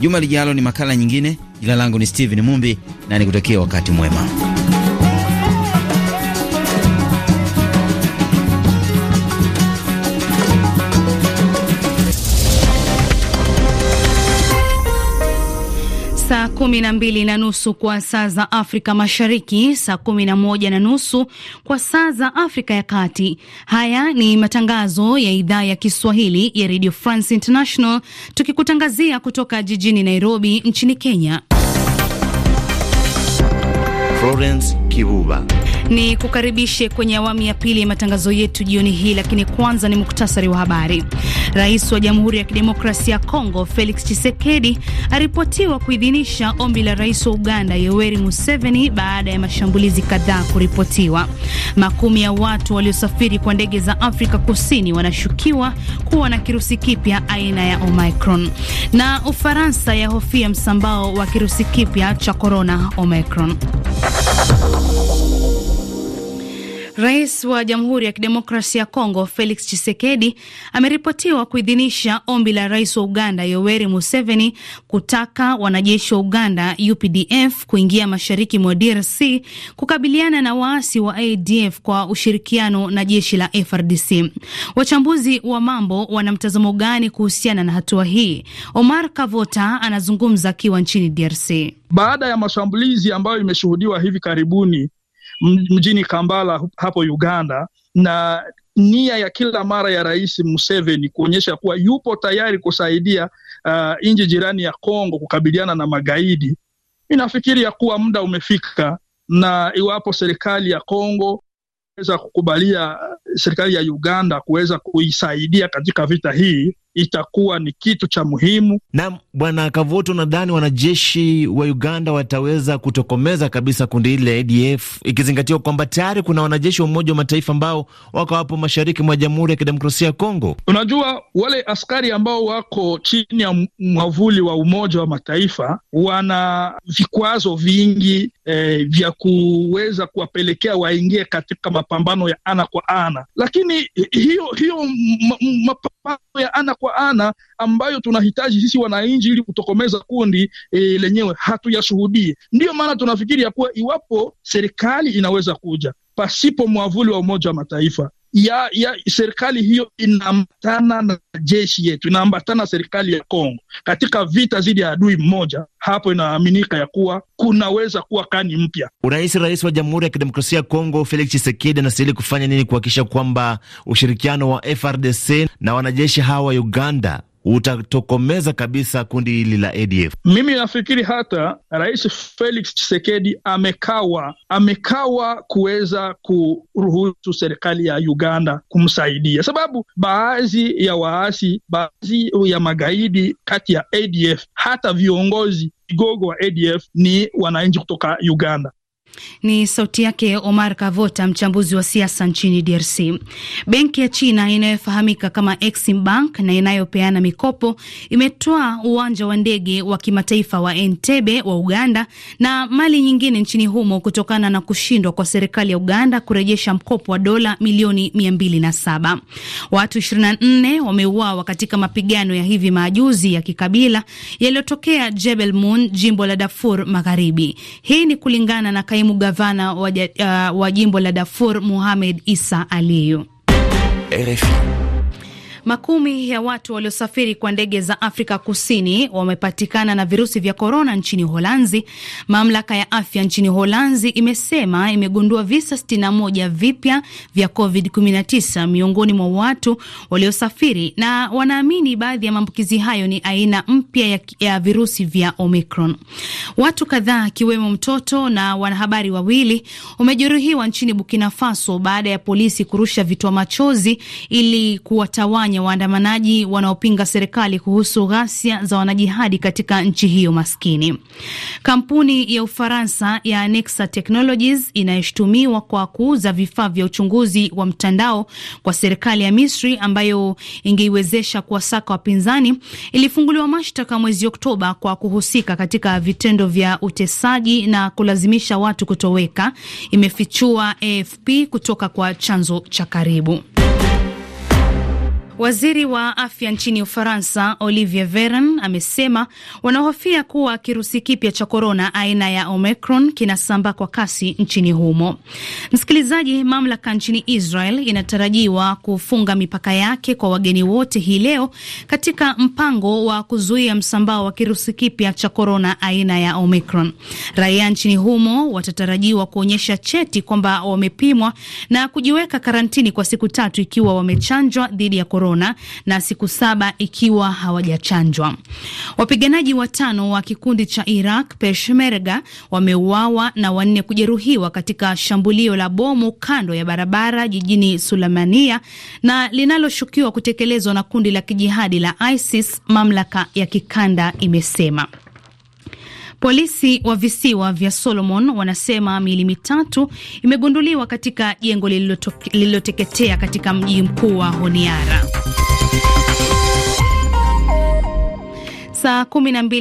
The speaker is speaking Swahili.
Juma lijalo ni makala nyingine. Jina langu ni Steven Mumbi na nikutakia wakati mwema. Saa kumi na mbili na nusu kwa saa za Afrika Mashariki, saa kumi na moja na nusu kwa saa za Afrika ya Kati. Haya ni matangazo ya idhaa ya Kiswahili ya Radio France International, tukikutangazia kutoka jijini Nairobi nchini Kenya. Florence ni kukaribishe kwenye awamu ya pili ya matangazo yetu jioni hii, lakini kwanza ni muktasari wa habari. Rais wa Jamhuri ya Kidemokrasia ya Kongo Felix Tshisekedi aripotiwa kuidhinisha ombi la rais wa Uganda Yoweri Museveni baada ya mashambulizi kadhaa kuripotiwa. Makumi ya watu waliosafiri kwa ndege za Afrika Kusini wanashukiwa kuwa na kirusi kipya aina ya Omicron. Na Ufaransa yahofia msambao wa kirusi kipya cha corona Omicron. Rais wa Jamhuri ya Kidemokrasia ya Kongo Felix Tshisekedi ameripotiwa kuidhinisha ombi la rais wa Uganda Yoweri Museveni kutaka wanajeshi wa Uganda UPDF kuingia mashariki mwa DRC kukabiliana na waasi wa ADF kwa ushirikiano na jeshi la FRDC. Wachambuzi wa mambo wana mtazamo gani kuhusiana na hatua hii? Omar Kavota anazungumza akiwa nchini DRC. Baada ya mashambulizi ambayo imeshuhudiwa hivi karibuni mjini Kampala hapo Uganda, na nia ya kila mara ya Rais Museveni kuonyesha kuwa yupo tayari kusaidia uh, nchi jirani ya Kongo kukabiliana na magaidi, inafikiri ya kuwa muda umefika, na iwapo serikali ya Kongo weza kukubalia uh, serikali ya Uganda kuweza kuisaidia katika vita hii itakuwa ni kitu cha muhimu. Naam, Bwana Kavuto, nadhani wanajeshi wa Uganda wataweza kutokomeza kabisa kundi hili la ADF ikizingatiwa kwamba tayari kuna wanajeshi wa Umoja wa Mataifa ambao wako hapo mashariki mwa Jamhuri ya Kidemokrasia ya Kongo. Unajua, wale askari ambao wako chini ya mwavuli wa Umoja wa Mataifa wana vikwazo vingi eh, vya kuweza kuwapelekea waingie katika mapambano ya ana kwa ana, lakini hiyo hiyo mapambano ya ana kwa ana ambayo tunahitaji sisi wananchi ili kutokomeza kundi e, lenyewe hatuyashuhudie. Ndiyo maana tunafikiri ya kuwa iwapo serikali inaweza kuja pasipo mwavuli wa Umoja wa Mataifa ya, ya serikali hiyo inaambatana na jeshi yetu, inaambatana na serikali ya Kongo katika vita dhidi ya adui mmoja. Hapo inaaminika ya kuwa kunaweza kuwa kani mpya. Unahisi rais wa Jamhuri ya Kidemokrasia ya Kongo Felix Tshisekedi anastahili kufanya nini kuhakikisha kwamba ushirikiano wa FRDC na wanajeshi hawa wa Uganda utatokomeza kabisa kundi hili la ADF? Mimi nafikiri hata Rais Felix Tshisekedi amekawa amekawa kuweza kuruhusu serikali ya Uganda kumsaidia, sababu baadhi ya waasi, baadhi ya magaidi kati ya ADF, hata viongozi vigogo wa ADF ni wananchi kutoka Uganda. Ni sauti yake Omar Kavota, mchambuzi wa siasa nchini DRC. Benki ya China inayofahamika kama Exim Bank na inayopeana mikopo imetoa uwanja wa ndege wa kimataifa wa Entebbe wa Uganda na mali nyingine nchini humo kutokana na kushindwa kwa serikali ya Uganda kurejesha mkopo wa dola milioni 207. Watu 24 wameuawa katika mapigano ya hivi majuzi ya kikabila yaliyotokea Jebel Moon, jimbo la Darfur Magharibi. Hii ni kulingana na kaimu alimsalimu gavana wa, uh, jimbo la Darfur Muhamed isa Aliyu. RFI. Makumi ya watu waliosafiri kwa ndege za Afrika Kusini wamepatikana na virusi vya korona nchini Holanzi. Mamlaka ya afya nchini Holanzi imesema imegundua visa 61 vipya vya COVID-19 miongoni mwa watu waliosafiri, na wanaamini baadhi ya maambukizi hayo ni aina mpya ya, ya virusi vya Omicron. Watu kadhaa akiwemo mtoto na wanahabari wawili wamejeruhiwa nchini Burkina Faso baada ya polisi kurusha vitoa machozi ili kuwatawanya kwenye waandamanaji wanaopinga serikali kuhusu ghasia za wanajihadi katika nchi hiyo maskini. Kampuni ya Ufaransa ya Anexa Technologies inayoshutumiwa kwa kuuza vifaa vya uchunguzi wa mtandao kwa serikali ya Misri ambayo ingeiwezesha kuwasaka wapinzani ilifunguliwa mashtaka mwezi Oktoba kwa kuhusika katika vitendo vya utesaji na kulazimisha watu kutoweka, imefichua AFP kutoka kwa chanzo cha karibu. Waziri wa afya nchini Ufaransa, Olivier Veran, amesema wanahofia kuwa kirusi kipya cha korona aina ya Omicron kinasambaa kwa kasi nchini humo. Msikilizaji, mamlaka nchini Israel inatarajiwa kufunga mipaka yake kwa wageni wote hii leo katika mpango wa kuzuia msambao wa kirusi kipya cha korona aina ya Omicron. Raia nchini humo watatarajiwa kuonyesha cheti kwamba wamepimwa na kujiweka karantini kwa siku tatu ikiwa wamechanjwa dhidi ya korona korona na siku saba ikiwa hawajachanjwa. Wapiganaji watano wa kikundi cha Iraq Peshmerga wameuawa na wanne kujeruhiwa katika shambulio la bomu kando ya barabara jijini Sulemania na linaloshukiwa kutekelezwa na kundi la kijihadi la ISIS, mamlaka ya kikanda imesema. Polisi wa visiwa vya Solomon wanasema miili mitatu imegunduliwa katika jengo lililoteketea katika mji mkuu wa Honiara saa kumi na mbili